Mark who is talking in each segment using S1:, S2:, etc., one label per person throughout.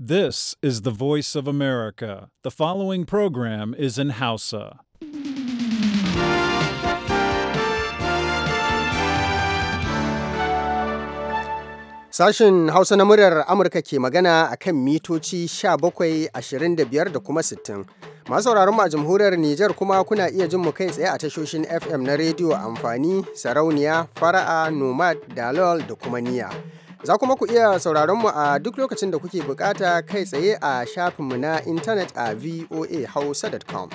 S1: This is the voice of America. The following program is in
S2: Hausa. Sashen Hausa na muryar Amurka ke magana a kan mitoci 17, 25 da kuma 60. Masu sauraron a jamhuriyar Nijar kuma kuna iya jin mu kai tsaye a tashoshin FM na rediyo amfani, sarauniya, fara'a, nomad, dalol da kuma niya. Za kuma ku iya sauraron mu a duk lokacin da kuke bukata kai tsaye a shafinmu na intanet a voahausa.com.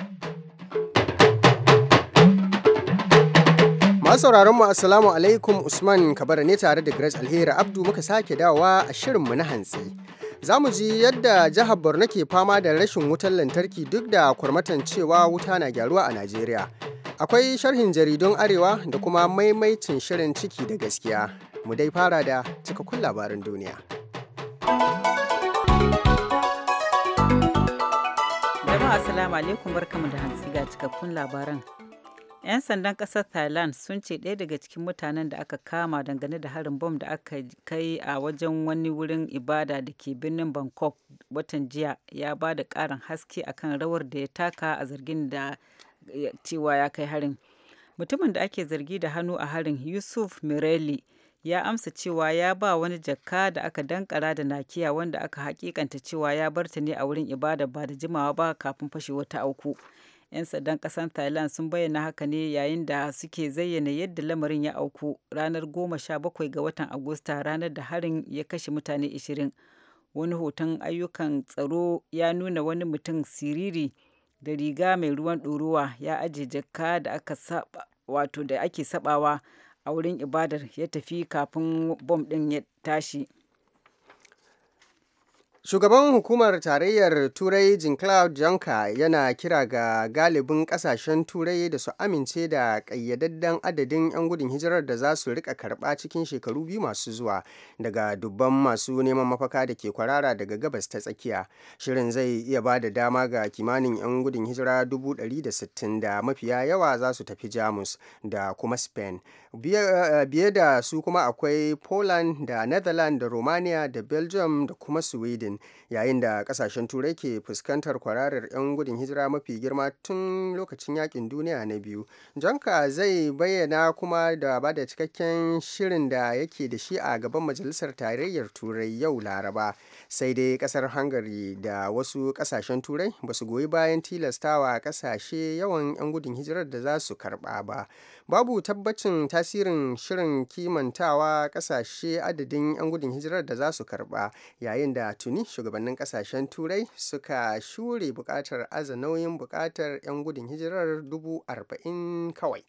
S2: Masu sauraron mu Assalamu alaikum Usman Kabara ne tare da Grace Alheri Abdu muka sake dawowa a shirin mu na hantsi. Za mu ji yadda jihar Borno ke fama da rashin wutar lantarki duk da kwarmatan cewa wuta na gyaruwa a Najeriya. Akwai sharhin jaridun Arewa da kuma maimaitin shirin ciki da gaskiya. mu dai fara da cikakkun labaran duniya.
S3: Jama'a Assalamu alaikum barkamu da hantsi ga cikakkun labaran. 'Yan sandan ƙasar Thailand sun ce ɗaya daga cikin mutanen da aka kama dangane da harin bom da aka kai a wajen wani wurin ibada da ke birnin Bangkok watan jiya ya ba da ƙarin haske a kan rawar da ya taka a zargin da cewa ya kai harin. Mutumin da ake zargi da hannu a harin Yusuf Mireli ya amsa cewa ya ba wani jakka da aka dankara da nakiya wanda aka hakikanta cewa ya barta ne a wurin ibada ba da jimawa ba kafin fashe wata auku. 'Yan sandan ƙasar Thailand sun bayyana haka ne yayin da suke zayyana yadda lamarin ya auku ranar goma sha bakwai ga watan Agusta ranar da harin ya kashe mutane 20. Wani hoton ayyukan tsaro ya nuna wani mutum siriri da riga mai ruwan ɗorowa ya ajiye jakka da wato da ake sabawa a wurin ibadar ya tafi kafin bom ɗin ya tashi
S2: shugaban hukumar tarayyar turai jean claude juncker yana kira ga galibin kasashen turai da su amince da ƙayyadadden adadin 'yan gudun hijirar da za su rika karɓa cikin shekaru biyu masu zuwa daga dubban masu neman mafaka da ke kwarara daga gabas ta tsakiya shirin zai iya ba da dama ga kimanin 'yan gudun hijira 160 da mafiya yawa za su tafi jamus da kuma spain Eh, biye da su kuma akwai poland da netherlands da romania da belgium da kuma sweden yayin da kasashen turai ke fuskantar kwararar 'yan gudun hijira mafi girma tun lokacin yakin duniya na biyu jonka zai bayyana kuma da ba da cikakken shirin da yake da shi a gaban majalisar tarayyar turai yau laraba sai dai kasar hungary da wasu kasashen turai ba su goyi bayan tilastawa kasashe yawan 'yan gudun hijirar da za su karba ba babu tabbacin ta tasirin shirin kimantawa kasashe adadin 'yan gudun hijirar da za su karba yayin da tuni shugabannin kasashen turai suka shure bukatar aza nauyin bukatar 'yan gudun
S3: hijirar dubu arba'in kawai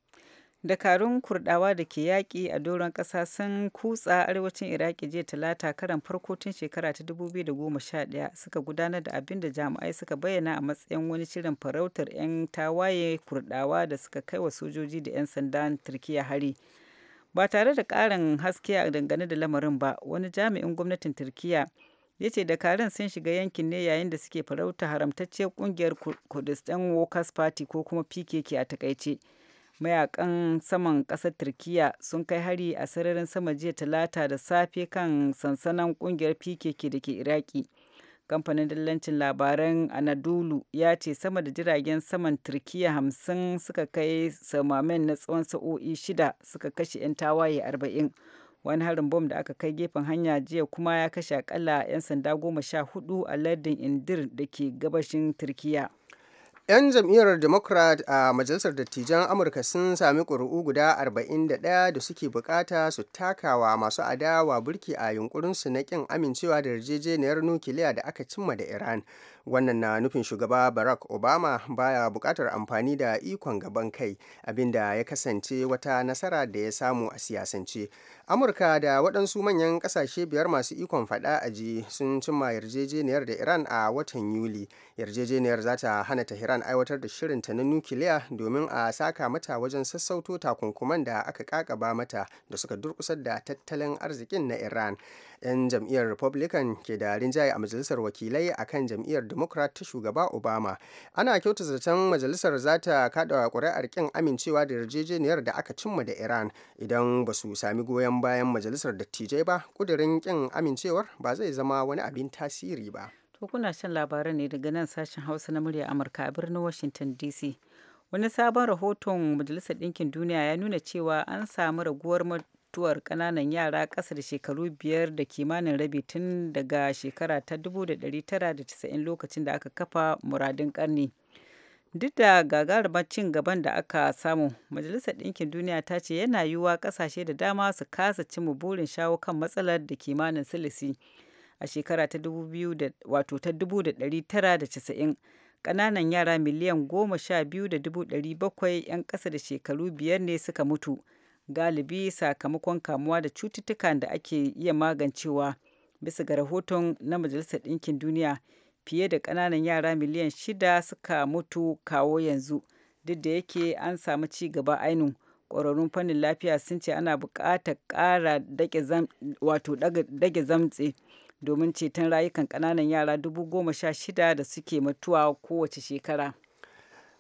S3: dakarun kurdawa da ke yaƙi a doron ƙasa sun kutsa arewacin iraki jiya talata karan farko tun shekara ta 2011 suka gudanar da abin da jami'ai suka bayyana a matsayin wani shirin farautar 'yan tawaye kurdawa da suka kai wa sojoji da 'yan sandan turkiya hari ba tare da ƙarin haske a dangane da lamarin ba wani jami'in gwamnatin turkiya ya ce dakarun sun shiga yankin ne yayin da suke farauta haramtacciyar kungiyar kurdistan workers party ko kuma pkk a takaice mayakan saman ƙasar turkiya sun kai hari a sararin sama jiya talata da safe kan sansanan ƙungiyar pkk da ke iraki kamfanin dillancin labaran anadolu ya ce sama da jiragen saman turkiya hamsin suka kai samamen na tsawon sa'o'i shida suka kashe 'yan tawaye arba'in wani harin bom da aka kai gefen hanya jiya kuma ya kashe akalla 'yan sanda goma sha hudu a lardin indir da ke gabashin turkiya 'yan jam'iyyar
S2: democrat a majalisar dattijan amurka sun sami ƙuri'u guda 41 da suke bukata su takawa masu adawa burki a yunkurinsu na ƙin amincewa da yarjejeniyar nukiliya da aka cimma da iran wannan na nufin shugaba barack obama baya bukatar amfani da ikon gaban kai abinda ya kasance wata nasara da ya samu a siyasance amurka da waɗansu manyan ƙasashe biyar masu ikon faɗa aji sun cimma yarjejeniyar da iran a watan yuli yarjejeniyar za ta hana tehran aiwatar da shirinta na nukiliya domin a saka mata wajen sassauto takunkuman da aka kakaba mata da suka durkusar da tattalin arzikin na iran 'yan jam'iyyar republican ke da rinjaye a majalisar wakilai a kan jam'iyyar democrat ta shugaba obama ana kyauta zaton majalisar za ta kada kuri'ar kin amincewa da yarjejeniyar da aka cimma da iran idan ba su sami goyon bayan majalisar dattijai ba kudirin kin amincewar ba zai zama wani abin tasiri
S3: ba To kuna shan labaran ne daga nan sashen Hausa na murya Amurka a birnin Washington DC. Wani sabon rahoton Majalisar Ɗinkin Duniya ya nuna cewa an samu raguwar mutuwar kananan yara ƙasa da shekaru biyar da kimanin rabi tun daga shekara ta 1990 lokacin da aka kafa muradin ƙarni. Duk da gagarumar cin gaban da aka samu, Majalisar Ɗinkin Duniya ta ce yana yiwuwa ƙasashe da dama su kasa cimma burin shawo kan matsalar da kimanin silisi. a shekara ta da wato ta casa'in ƙananan yara miliyan goma sha biyu da dubu bakwai 'yan ƙasa da shekaru biyar ne suka mutu galibi sakamakon kamuwa da cututtukan da ake iya magancewa bisa ga rahoton na majalisar ɗinkin duniya fiye da ƙananan yara miliyan shida suka mutu kawo yanzu duk da yake an samu ci gaba ainihin ƙwararrun fannin lafiya sun ce ana buƙatar ƙara dage zamtse domin ceton rayukan ƙananan yara dubu goma sha shida da suke mutuwa kowace shekara.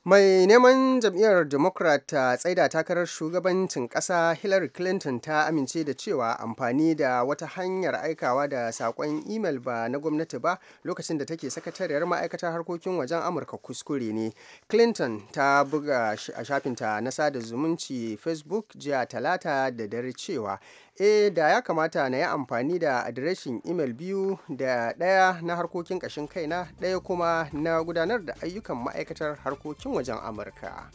S3: mai
S2: neman jam'iyyar democrat ta tsaida takarar shugabancin kasa hillary clinton ta amince da cewa amfani da wata hanyar aikawa da sakon imel ba na gwamnati ba lokacin da take sakatariyar ma'aikatar harkokin wajen amurka kuskure ne clinton ta buga a shafinta na sada zumunci facebook jiya talata da dare cewa eh da ya kamata na yi amfani da adireshin imel biyu da ɗaya na harkokin ƙashin kaina ɗaya kuma na gudanar da ayyukan ma'aikatar harkokin wajen amurka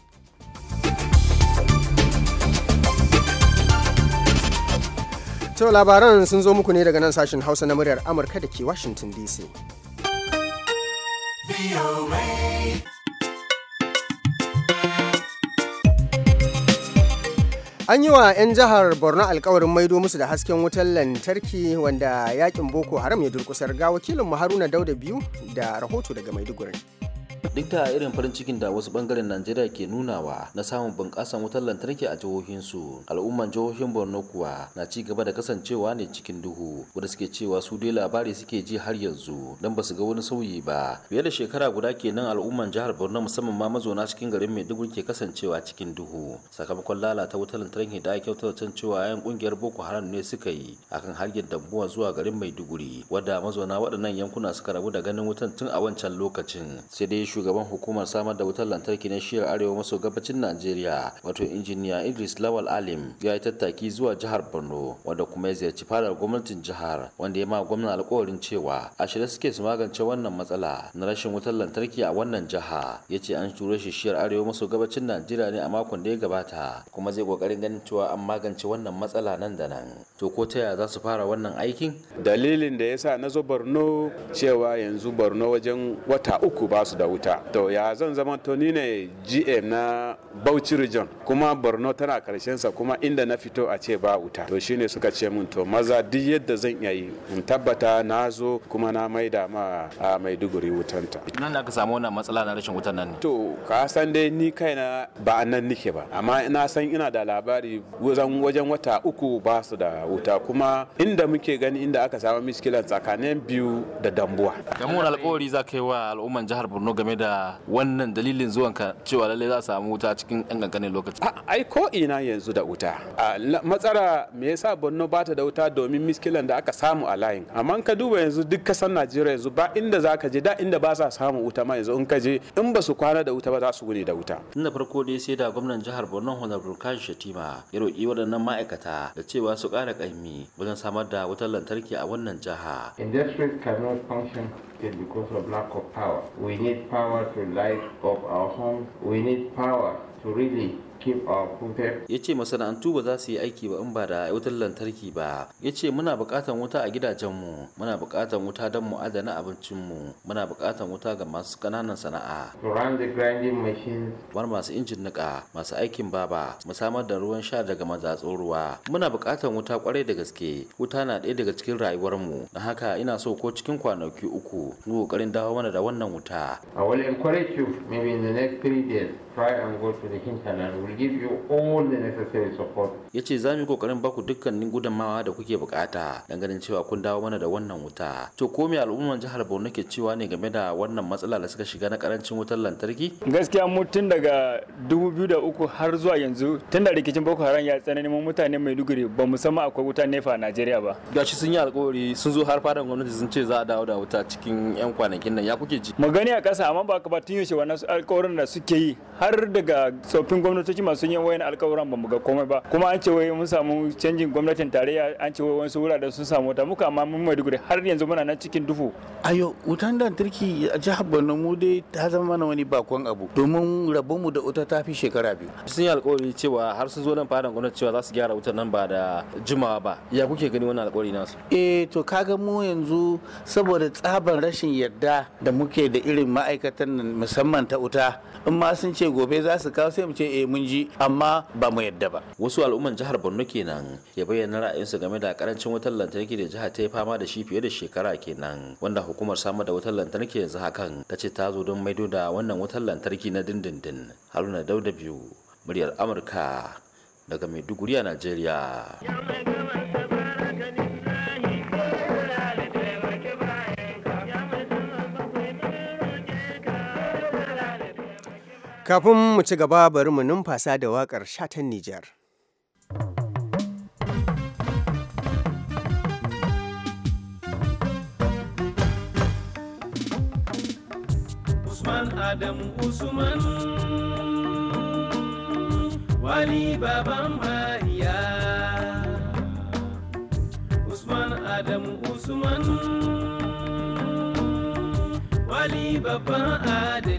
S2: to labaran sun zo muku ne daga nan sashen hausa na muryar amurka da ke washington dc An yi wa 'yan jihar Borno alkawarin maido musu da hasken wutar lantarki wanda yakin Boko Haram ya durkusar ga wakilin Haruna Dauda biyu da rahoto daga Maiduguri.
S4: duk da irin farin cikin da wasu bangaren najeriya ke nunawa na samun bunƙasar wutar lantarki a jihohinsu al'umman jihohin borno kuwa na ci gaba da kasancewa ne cikin duhu wanda suke cewa su dai labari suke ji har yanzu don ba su ga wani sauyi ba fiye da shekara guda kenan al'umman jihar borno musamman ma mazauna cikin garin maiduguri ke kasancewa cikin duhu sakamakon lalata wutar lantarki da ake kyautata cewa yan kungiyar boko haram ne suka yi akan hargin dambuwa zuwa garin maiduguri wadda mazauna waɗannan yankuna suka rabu da ganin wutan tun a wancan lokacin sai dai shugaban hukumar samar da wutar lantarki na shiyar arewa maso gabacin najeriya wato injiniya idris lawal alim ya yi tattaki zuwa jihar borno wanda kuma ya ziyarci fadar gwamnatin jihar wanda ya ma gwamna alkawarin cewa a shirye suke su magance wannan matsala na rashin wutar lantarki a wannan jiha ya ce an turo shi shiyar arewa maso gabacin najeriya ne a makon da ya gabata kuma zai kokarin ganin cewa an magance wannan matsala nan
S1: da nan to ko ta yaya za su fara wannan aikin dalilin da ya sa na zo borno cewa yanzu borno wajen wata uku ba su da wuta to ya zan zama to ni ne gm na bauchi region kuma borno tana karshen sa kuma inda na fito a ce ba wuta to shine suka ce mun to maza duk yadda zan iya yi in tabbata na zo kuma na maida ma a maiduguri ta nan da ka samu wannan matsala na rashin wutan nan to ka san dai ni kaina ba nan nike ba amma ina san ina da labari wajen wajen wata uku ba su da wuta kuma inda muke gani inda aka samu miskilan tsakanin biyu da dambuwa kamar alƙawari
S4: za ka yi wa al'umman jihar borno game game da wannan dalilin zuwanka cewa lallai za
S1: a samu wuta cikin ɗan ƙanƙanin lokaci ai ko ina yanzu da wuta matsara me yasa borno ba ta da wuta domin miskilan da aka samu a layin amma ka duba yanzu duk kasan najeriya yanzu ba inda za ka je da inda ba sa samu wuta ma yanzu in ka je in ba su kwana da wuta ba za su gudu da wuta
S4: Tun da farko dai sai da gwamnan jihar borno honorable kashi shatima ya roƙi waɗannan ma'aikata da cewa su ƙara ƙaimi wajen samar da wutar lantarki a wannan jiha
S1: industries cannot function because of lack of power we need power to light up our homes. We need power to really
S4: ya ce masana'antu ba za su yi aiki ba in ba da wutar lantarki ba ya ce muna buƙatar wuta a gidajenmu muna buƙatar wuta don mu adana abincinmu muna buƙatar wuta ga masu ƙananan sana'a kamar masu injin nika. masu aikin baba mu samar da ruwan sha daga mazatsun ruwa muna buƙatar wuta kwarai da gaske wuta na ɗaya daga cikin rayuwar mu. na haka ina so ko cikin kwanaki uku mu ƙoƙarin dawo mana da wannan wuta I will encourage you maybe in the next three days try and go to the hinterland. We'll give you all the necessary support ya ce za mu yi kokarin baku dukkanin gudunmawa da kuke bukata ganin cewa kun dawo mana da wannan wuta to ko me al'umman jihar borno ke cewa ne game da wannan matsala da suka shiga na karancin wutar lantarki gaskiya mu tun daga 2003 har zuwa yanzu tun da rikicin boko haram ya tsanani mu mutane mai duguri ba mu san akwai wuta nefa a najeriya ba gashi sun yi alkawari sun zo har fadan gwamnati sun ce za a dawo da wuta cikin yan kwanakin nan ya kuke ji magani a kasa amma ba ka ba tun yaushe wannan alkawarin da suke yi har daga tsoffin gwamnatoci masu yin wayan alkawuran ba mu ga komai ba kuma an ce wai mun samu canjin gwamnatin
S5: tarayya an ce wai wasu wuraren sun samu wuta muka amma mun maiduguri har yanzu muna nan cikin duhu ayo wutan lantarki a jihar borno mu dai ta zama mana wani bakon abu domin rabon mu da
S4: wuta ta fi shekara biyu sun yi alkawari cewa har sun zo nan fadan gwamnati cewa za su gyara wutan nan ba da
S5: jimawa ba ya kuke gani wannan alkawari nasu eh to kaga mu yanzu saboda tsaban rashin yarda da muke da irin ma'aikatan nan musamman ta wuta in ma sun ce gobe za su kawo sai mu ce eh mun ji amma ba mu yarda ba wasu al'umman jihar borno kenan ya bayyana
S4: ra'ayinsa game da karancin wutar lantarki da jihar ta yi fama da shi fiye da shekara kenan wanda hukumar samar da wutar lantarki yanzu hakan ta ce ta zo don maido da wannan wutar lantarki na dindindin haruna dauda biyu muryar amurka daga maiduguri a najeriya
S2: kafin mu ci gaba bari mu numfasa da waƙar shatan nijar
S6: Usman Adamu Usman Wali Baban Mariya Usman Adamu Usman Wali Baban Ade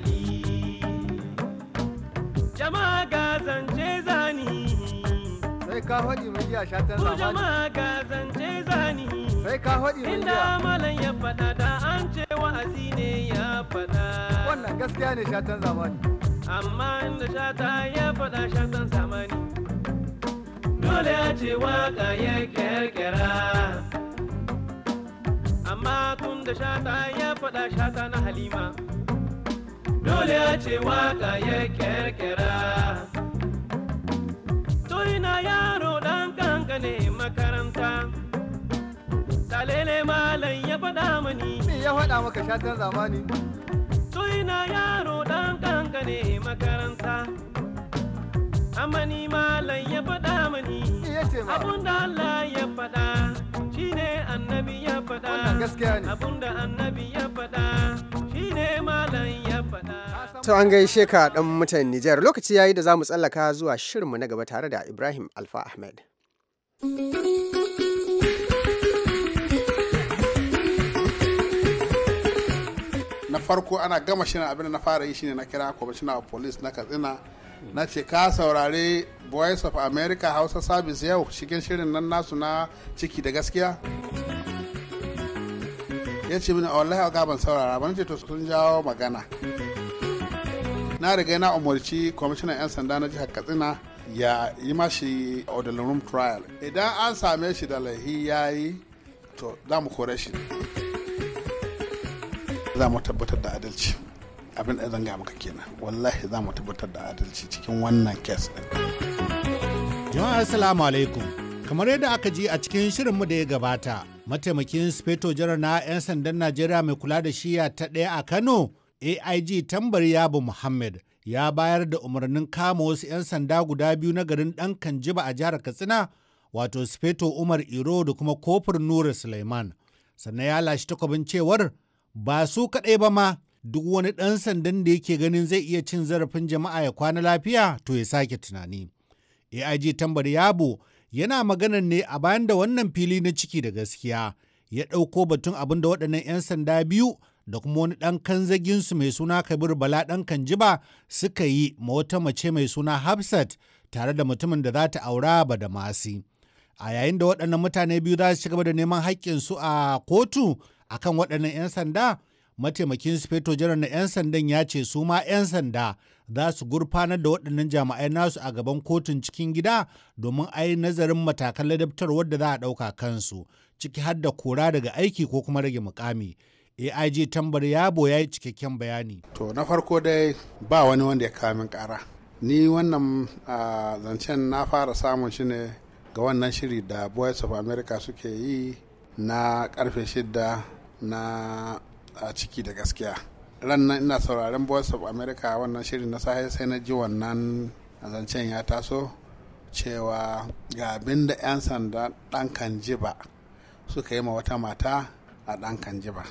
S6: ka faɗi mun giya sha tan zamani. jama'a ka zance zani. Sai ka faɗi mun giya. Inda malam ya faɗa da an ce wa'azi ne ya faɗa. Wannan gaskiya ne sha tan zamani. Amma inda shata ya faɗa sha tan zamani. Dole a ce waka ya kirkira. Amma tun da shata ya faɗa shata na halima.
S3: Dole a ce
S6: waka ya kirkira. yaro dan kankane makaranta Dalele malam ya faɗa mani me ya faɗa maka shatar zamani na yaro dan kankane makaranta amani malam ya faɗa mani abunda Allah ya faɗa shine annabi ya faɗa abunda annabi ya faɗa shine malam ya faɗa
S2: To an gaishe ka dan mutan Nijar lokaci yayi da za mu tsallaka zuwa shirinmu na gaba tare da Ibrahim Alfa Ahmed.
S7: na farko ana gama shirin abin na fara yi shine na kira kwamishina of police na katsina na ce ka saurare voice of america hausa service yau cikin shirin nan nasu na ciki da gaskiya ya ce mini wallahi ga ban saurara bana ce to sun jawo magana na riga na umarci kwamishinan 'yan sanda na jihar katsina ya yi mashi odalin room trial idan an same shi da laihi ya yi to za mu kore shi za mu tabbatar da adalci abin da zanga maka kenan wallahi za mu tabbatar da adalci cikin wannan kes din jama'a assalamu alaikum kamar yadda aka
S5: ji a cikin shirinmu da ya gabata mataimakin speto janar na 'yan sandan najeriya mai kula da shiya ta ɗaya a kano AIG Tambar Yabo Muhammad ya bayar da umarnin kama wasu 'yan sanda guda biyu na garin ɗan Kanjiba a jihar Katsina, wato Sufeto Umar Iro da kuma Kofar Nura Suleiman. Sannan ya lashe takwabin cewar ba su kaɗai ba ma duk wani ɗan sandan da yake ganin zai iya cin zarafin jama'a ya kwana lafiya to ya sake tunani. AIG Tambar Yabo yana maganar ne a bayan da wannan fili na ciki da gaskiya ya ɗauko batun abin da waɗannan 'yan sanda biyu da kuma wani ɗan kanzaginsu mai suna kabir bala ɗan kanjiba suka yi ma wata mace mai suna hafsat tare da mutumin da za ta aura ba da masi a yayin da waɗannan mutane biyu za su ci gaba da neman su a kotu akan waɗannan 'yan sanda mataimakin sufeto janar na 'yan sandan ya ce su ma 'yan sanda za su gurfanar da waɗannan jami'ai nasu a gaban kotun cikin gida domin a yi nazarin matakan ladabtar wadda za a ɗauka kansu ciki har da kora daga aiki ko kuma rage mukami AIG tambar yabo ya yi cikakken bayani.
S7: To na farko dai ba wani wanda ya kawo min kara. Ni wannan zancen na fara samun shi ne ga wannan shiri da Voice of America suke yi na karfe shida na ciki da gaskiya. Rannan ina sauraren Voice of America wannan shiri na sahi sai na ji wannan zancen ya taso cewa ga abin da 'yan sanda ɗan kan jiba suka yi ma wata mata a ɗan kan jiba.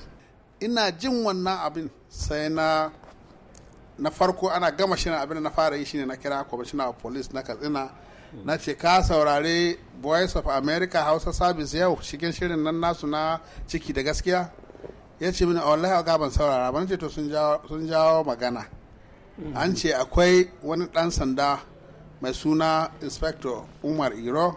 S7: ina jin wannan abin sai na na farko ana gama shirin abin da na fara yi shine na kira commissioner of police na katsina na ce ka saurare voice of america hausa service yau cikin shirin nan nasu na ciki da gaskiya ya ce mini wallahi ga ban saurara ban ce to sun jawo magana an ce akwai wani dan sanda mai suna inspector umar iro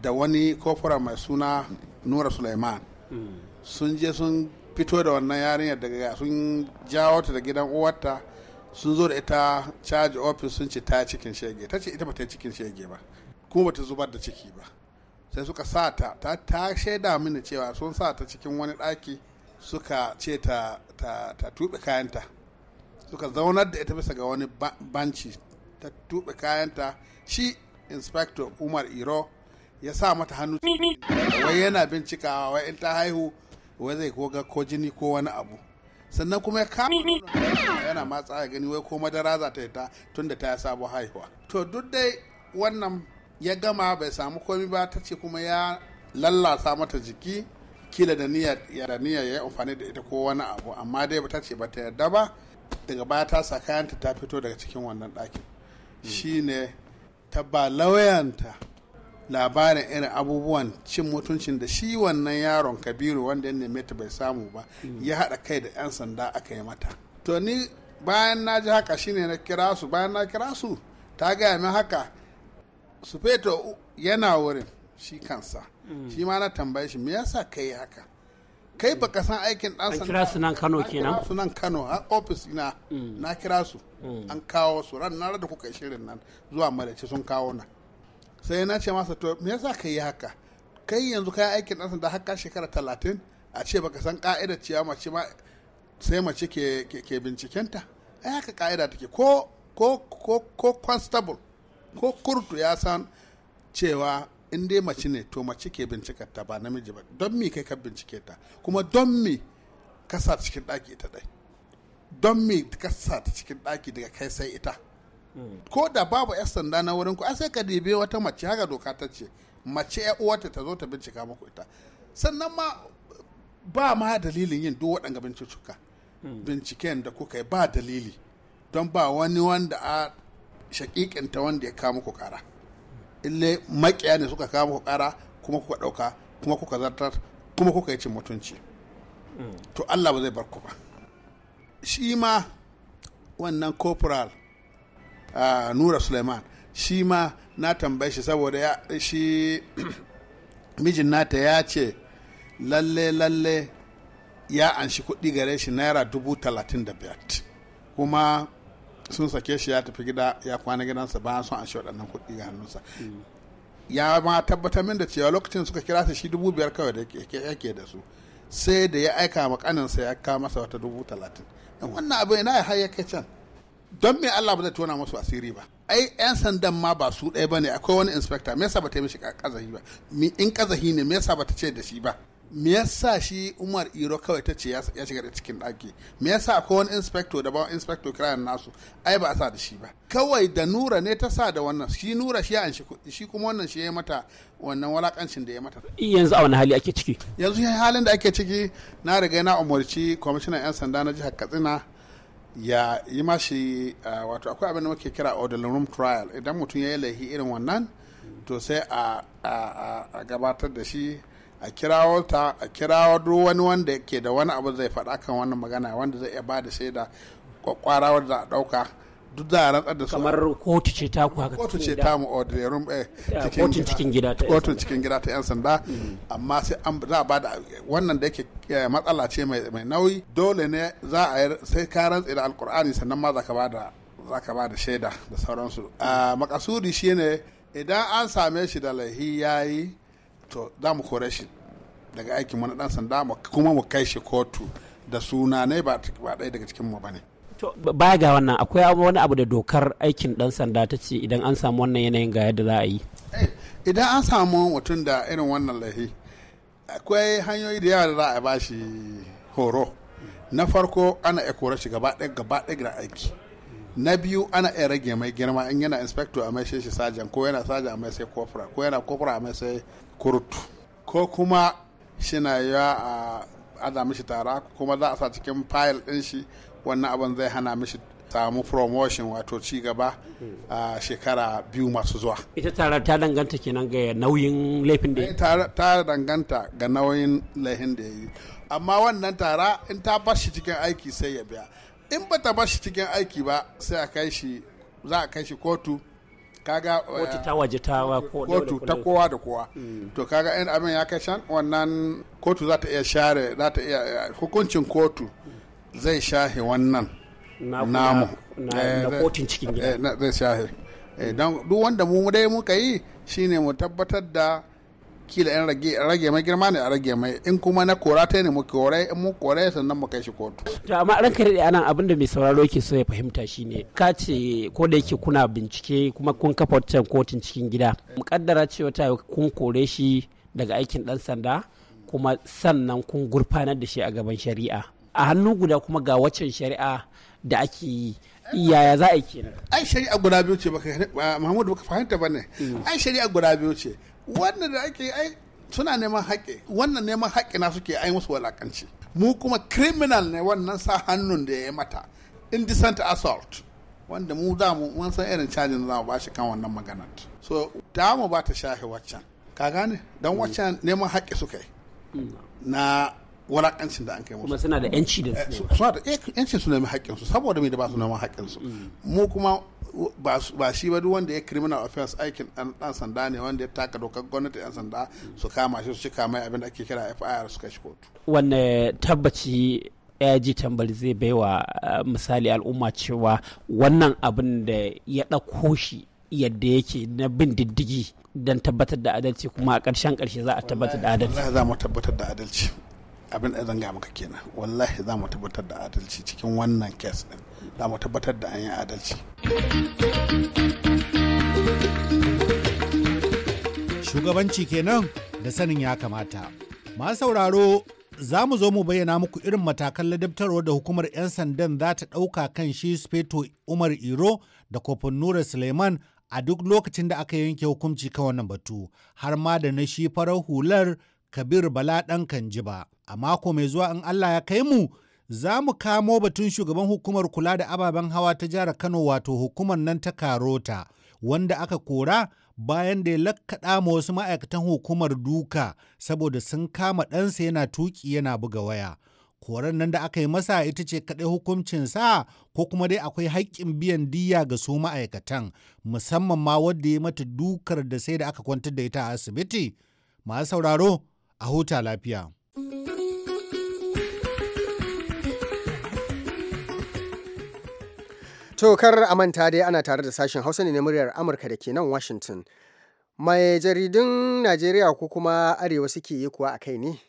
S7: da wani kofura mai suna nura suleiman hmm. sun je sun fito da wannan yarinyar daga sun jawo ta da gidan uwarta sun zo da ita caji ofis sun ce ta cikin shege ta ce ita ba ta yi cikin shege ba kuma ba ta zubar da ciki ba sai suka sa ta ta, ta shaida mini cewa sun sa ta cikin wani daki suka ce ta, ta, ta tuɓe kayanta suka zaunar da ita bisa ga wani banci ta tuɓe kayanta shi inspector umar iro ya sa mata hannu wai yana bincikawa wai in ta haihu wai zai koga ko jini ko wani abu sannan kuma ya kama yana matsa ya gani wai ko madara za ta yi ta tun da ta ya sabo haihuwa to duk dai wannan ya gama bai samu komi ba ta ce kuma ya lallasa mata jiki kila da niyyar ya yi amfani da ita ko wani abu amma dai ba ta ce ba ta yarda ba daga baya ta sa kayanta ta fito daga cikin wannan ɗakin hmm. shine ta ba lauyanta labarin irin abubuwan cin mutuncin da shi wannan yaron kabiru wanda ya neme ta bai samu ba ya haɗa kai da 'yan sanda aka yi mata to ni bayan na ji haka shine na kira su bayan na kira su ta gaya min haka su feto yana wurin shi kansa mm. shi ma na tambaye shi me yasa kai haka kai baka san aikin dan sanda an kira su nan Kano kenan su nan Kano a office na mm. na kira su mm. an kawo su ran na da kuka shirin nan zuwa malace sun kawo nan sai na ce masa to me yasa ka yi haka kai yanzu ka aikin ɗansa da haka shekara talatin a ce baka san ka'idar ciya mace ma sai mace ke, ke, bincikenta ai haka ka'ida take ko ko ko ko constable ko kurtu ya san cewa in dai mace ne to mace ke bincikar ba namiji ba don me kai ka bincike ta kuma don me ka sa cikin ɗaki ita ɗai don me ka sa cikin ɗaki daga kai sai ita ko da babu 'yan sanda na wurin ku ai sai ka dibe wata mace haka doka ta ce mace ya uwata ta zo ta bincika muku ita sannan ma ba ma dalilin yin duk waɗanga bincikuka binciken da kuka yi ba dalili don ba wani wanda a shakikinta wanda ya kama ku kara ille makiya ne suka kama ku kara kuma kuka ɗauka kuma kuka zartar kuma kuka yi cin mutunci to allah ba zai bar ku ba shi ma wannan corporal nura suleiman shi ma na tambaye shi saboda shi mijin nata ya ce lalle lalle ya anshi kuɗi gare shi naira dubu talatin da biyat kuma sun sake shi ya tafi gida ya kwana gidansa bayan sun anshi waɗannan kuɗi ga hannunsa ya ma tabbatar min da cewa lokacin suka kira su shi dubu biyar kawai da yake da su sai da ya aika ma kaninsa ya kawo masa wata dubu talatin wannan abu ina ya har ya kai can don me Allah ba zai tona masu asiri ba ai yan sandan ma ba su ɗaya bane akwai wani inspector me yasa ba ta yi mishi kazahi ba in kazahi ne me yasa ba ta ce da shi ba me yasa shi Umar Iro kawai ta ce ya shiga da cikin ɗaki me yasa akwai wani inspector da ba inspector kiran nasu ai ba a sa da shi ba kawai da Nura ne ta sa da wannan shi Nura shi an shi kuma wannan shi ya mata wannan walakancin da ya mata yanzu a wani
S8: hali ake ciki
S7: yanzu halin da ake ciki na riga na umarci commissioner yan sanda na jihar Katsina ya yi mashi wato akwai abin da muke kira order room trial idan mutum ya yi laifi irin wannan to sai a gabatar da shi a kirawo ta a kirawo duk wani wanda ke da wani abu zai faɗa kan wannan magana wanda zai iya ba da shaida kwakwara wadda za a ɗauka duk za a rantsar da su kamar
S8: kotu ce ta ku haka kotu ce ta mu
S7: ordinarum eh, kotun cikin gida ta kotun cikin gida ta yan sanda mm-hmm. amma sai an za a ba da wannan da yake eh, matsala ce mai nauyi dole ne za a sai ka rantsa da alqur'ani sannan ma za ka ba da za ka ba da shaida da sauransu ah, makasudi shine idan an same shi da laihi yayi to za mu kore shi daga aikin wani dan sanda kuma mu kai shi kotu da suna ne ba ɗaya daga cikin mu bane
S8: baya ga wannan akwai wani abu da dokar aikin dan sanda ta ce idan an samu wannan yanayin ga yadda za a yi eh,
S7: idan an samu mutum da irin wannan lahi akwai hanyoyi da yawa da za a ba shi horo na farko ana iya kora shi gaba ɗaya gaba ɗaya da aiki na biyu ana iya rage mai girma in yana inspector a mai shi sajan ko yana sajan a mai sai kofra ko yana kofra a mai sai kurtu ko kuma shi na yawa a aza shi tara kuma za a sa cikin fayil ɗin shi wannan abin zai hana mishi samu promotion wato ci gaba a shekara biyu masu zuwa ita tara ta danganta kenan ga nauyin laifin da ya eh, ta danganta ga nauyin laifin da ya yi amma wannan tara in ta bar shi cikin aiki sai ya biya in ba ta bar shi cikin aiki ba sai a kai shi za a kai shi kotu kaga eh, kotu ta
S8: waje ta kotu ta kowa da kowa hmm.
S7: to kaga in abin ya kai shan wannan kotu za ta iya share za ta iya eh, hukuncin kotu mm. zai shahe wannan namu na eh, kotun cikin gida eh, zai shahe eh, don duk wanda mu dai muka yi shine mu tabbatar da kila in rage mai girma ne a rage mai in kuma na kora ta ne mu kore in mu kore sannan mu kai shi kotu
S8: to amma ranka da anan abinda mai sauraro ke so ya fahimta shine ka ce ko da yake kuna bincike kuma kun kafa wancan kotun cikin gida mukaddara cewa ta kun kore shi daga aikin dan sanda kuma sannan kun gurfanar da shi a gaban shari'a a hannu guda
S7: kuma ga waccan shari'a da ake yi yaya za a yi kenan ai shari'a guda biyu ce baka Muhammadu baka fahimta bane hmm. ai shari'a guda biyu ce wannan da ake ai suna neman haƙƙi wannan neman haƙƙi na suke ai musu walakanci mu kuma criminal ne wannan sa hannun da ya yi mata indecent assault wanda mu da mu mun san irin cajin za mu ba shi kan wannan maganar so da mu ba ta shahi waccan ka gane don hmm. waccan neman haƙƙi suka yi hmm. na wulakancin da an kai musu kuma suna da yanci da eh, su. suna da yanci eh, su nemi haƙƙinsu saboda mai da ba su nemi haƙƙinsu mm. mu kuma ba shi ba duk wanda ya criminal offense aikin ɗan sanda ne wanda ya taka dokar gwamnati ɗan sanda mm. su kama shi su cika mai abin da ake kira FIR su kashi kotu
S8: wanne tabbaci ji tambali zai baiwa eh, misali al'umma cewa wannan abin da ya ɗauko shi yadda yake na bin diddigi don tabbatar da adalci kuma a ƙarshen ƙarshe za a tabbatar da adalci Allah za mu
S7: tabbatar da adalci abin da zan maka kenan wallahi za mu tabbatar da adalci cikin wannan kes din za mu tabbatar da an yi adalci shugabanci kenan da sanin
S5: ya kamata ma sauraro za mu zo mu bayyana muku irin matakan ladabtarwa da hukumar 'yan sandan za ta ɗauka kan shi speto umar iro da kofin nura suleiman a duk lokacin da aka yanke hukunci kan wannan batu har ma da na shi farar hular Kabir Bala ɗan Kanji ba. A mako mai zuwa in Allah ya kai mu za mu kamo batun shugaban hukumar kula da ababen hawa ta jihar Kano wato hukumar nan ta Karota wanda aka kora bayan da ya lakkaɗa ma wasu ma'aikatan hukumar duka saboda sun kama ɗansa yana tuki yana buga waya. Koran nan da aka yi masa ita ce kaɗai sa? ko kuma dai akwai haƙƙin biyan diya ga su ma'aikatan musamman ma wadda ya mata dukar da sai da aka kwantar da ita a asibiti. Masu sauraro
S2: a huta lafiya. tokar a manta dai ana tare da sashen Hausa ne na muryar Amurka da ke nan Washington. Mai jaridun Najeriya ko kuma Arewa suke yi kuwa a kai ne?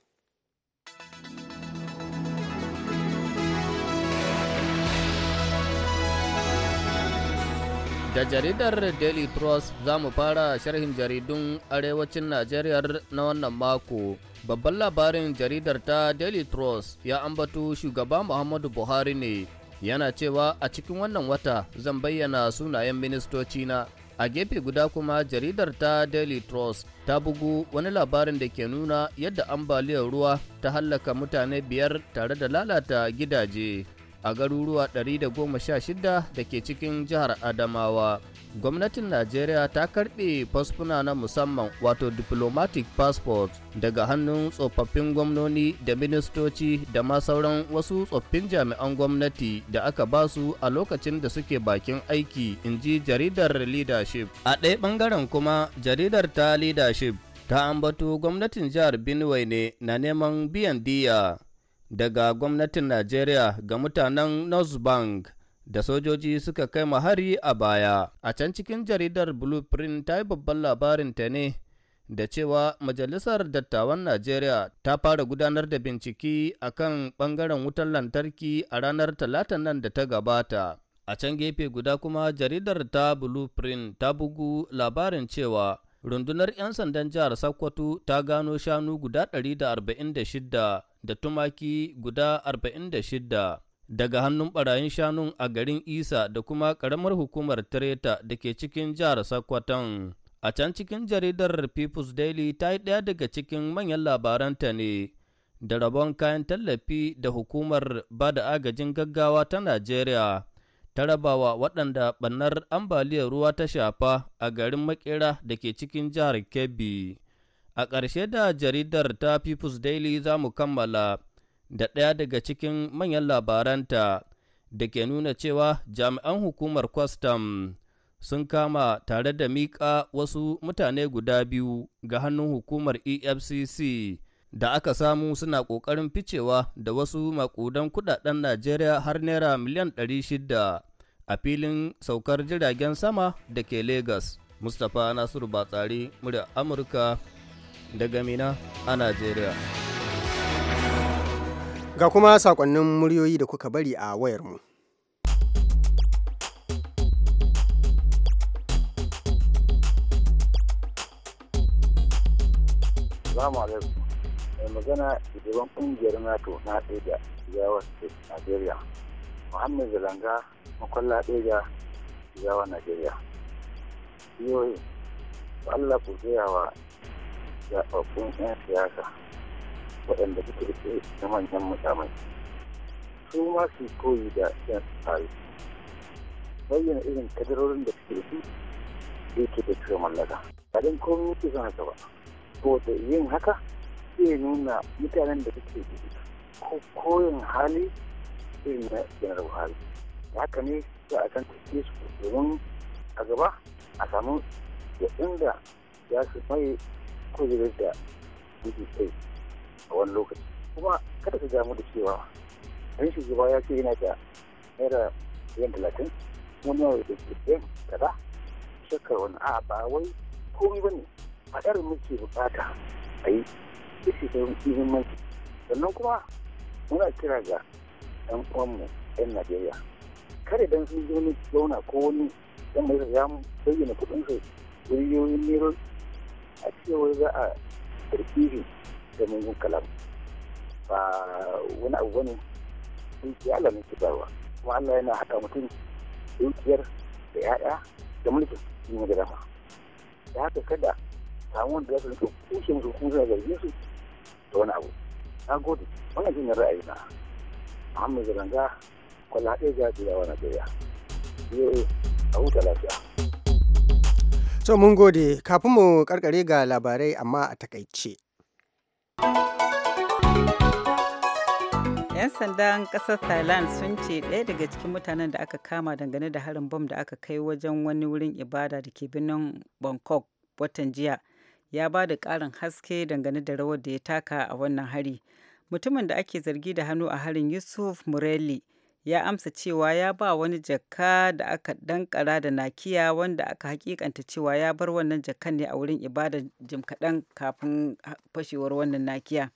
S9: Da jaridar Daily Trust za mu fara sharhin jaridun arewacin Najeriya na wannan mako. Babban labarin jaridar ta Daily Trust ya ambato shugaba Muhammadu Buhari ne yana cewa a cikin wannan wata zan bayyana sunayen ministoci na. A gefe guda kuma jaridar ta Daily Trust ta bugu wani labarin da ke nuna yadda ambaliyar ruwa ta hallaka mutane biyar tare da lalata gidaje. a garuruwa 116 da ke cikin jihar Adamawa. Gwamnatin Najeriya ta karɓe fasfuna na musamman wato diplomatic passport daga hannun tsofaffin gwamnoni da ministoci da ma sauran wasu tsoffin jami'an gwamnati da aka ba su a lokacin da suke bakin aiki in ji jaridar leadership. A ɗaya ɓangaren kuma jaridar ta leadership ta ambato gwamnatin jihar Benue ne na neman biyan diya. daga gwamnatin Najeriya ga mutanen North Bank da sojoji suka kai mahari a baya. A can cikin jaridar Blueprint ta yi babban labarin ta ne da cewa Majalisar Dattawan Najeriya ta fara gudanar da bincike a kan ɓangaren wutar lantarki a ranar talatan nan da ta gabata. A can gefe guda kuma jaridar ta Blueprint ta bugu labarin cewa rundunar 'yan sandan jihar Sokoto ta gano shanu guda 146 da tumaki guda 46 daga hannun barayin shanun a garin Isa da kuma ƙaramar hukumar Tireta da ke cikin jihar Sokoton. A can cikin jaridar People's Daily ta yi ɗaya daga cikin manyan labaranta ne da rabon kayan tallafi da hukumar ba da agajin gaggawa ta Najeriya. ta rabawa waɗanda ɓannar ambaliyar ruwa ta shafa a garin makera da ke cikin jihar kebbi a ƙarshe da jaridar ta people's daily za mu kammala da ɗaya daga cikin manyan labaranta da ke nuna cewa jami'an hukumar kwastam sun kama tare da miƙa wasu mutane guda biyu ga hannun hukumar efcc da aka samu suna ƙoƙarin ficewa da wasu makudan kudaden Najeriya har naira miliyan 600 a filin saukar jiragen sama da ke lagos Mustapha Nasiru Batsari, murya Amurka daga Mina a Najeriya.
S2: Ga kuma saƙonnin muryoyi da kuka bari a wayarmu.
S10: Assalamu alaikum. mai magana shugaban kungiyar nato na ɗaya da state nigeria muhammad zalanga makwalla ɗaya jigawa nigeria yoyi allah ku gaya wa zaɓaɓɓun 'yan siyasa waɗanda suka rike da manyan mutamai su ma su koyi da 'yan tsari bayyana irin kadarorin da suke su da yake da cewa mallaka ba don komi yake son haka ba ko da yin haka iya nuna mutanen da suke ko koyin hali irin na janar buhari haka ne za a san tafiye su domin a gaba a samu da inda za su mai kujerar da suke kai a wani lokaci kuma kada ka damu da cewa ɗan shugaba ya ce yana da naira yan talatin wani yawon da ke ɗin kaza shakar wani a ba wai ko ba ne a ɗarin muke bukata a yi ita ce muhimmanci sannan kuma muna kira ga yan uwanmu 'yan najeriya kare dan sun zo ne zauna ko wani dan mai ya bayyana kuɗin su biliyoyin nero a cewar za a karfi da mungun kalam ba wani abu bane dukiya Allah ne kibarwa kuma Allah yana haɗa mutum dukiyar da ya'ya da mulkin yin da da haka kada samun da za su rika kushe musu kuma suna zargin su da wani abu na gode wannan jin ra'ayi na muhammadu zaranga kwallo haɗe ga jiya wa Najeriya biyo a huta lafiya
S2: so mun gode kafin mu karkare ga labarai amma a takaice
S3: 'yan sandan kasar thailand sun ce ɗaya daga cikin mutanen da aka kama dangane da harin bom da aka kai wajen wani wurin ibada da ke birnin bangkok watan jiya ya ba da ƙarin haske dangane da rawar da ya taka a wannan hari. Mutumin da ake zargi da hannu a harin Yusuf Murelli ya amsa cewa ya ba wani jakka da aka dankara da nakiya wanda aka hakikanta cewa ya bar wannan jakkan ne a wurin ibada jim kaɗan kafin fashewar wannan nakiya.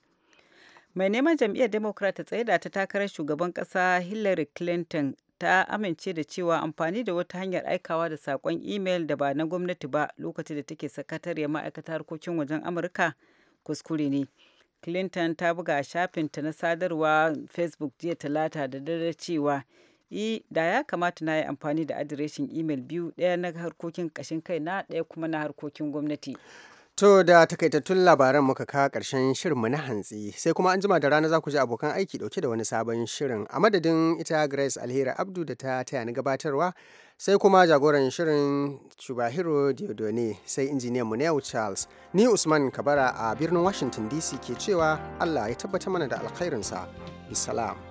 S3: mai neman jam'iyyar democrat ta tsaye tsaida ta takarar shugaban ƙasa hillary clinton ta amince da cewa amfani da wata hanyar aikawa da sakon imel da ba na gwamnati ba lokacin da take ya ma'aikata harkokin wajen amurka kuskure ne clinton ta buga a shafinta na sadarwa facebook jiya talata da dare cewa e da ya kamata na yi amfani da adireshin imel biyu ɗaya na harkokin kashin kai na ɗaya kuma na harkokin gwamnati
S2: To da takaitattun labaran muka ka ƙarshen shirinmu na hantsi sai kuma an jima da rana za ku ji abokan aiki ɗauke da wani sabon shirin a madadin ita Grace Alheri Abdu da ta taya ni gabatarwa sai kuma jagoran shirin Chubahiro Diodone sai injiniyan mu Neo Charles ni Usman Kabara a birnin Washington DC ke cewa Allah ya tabbata mana da alkhairinsa. Bisalam.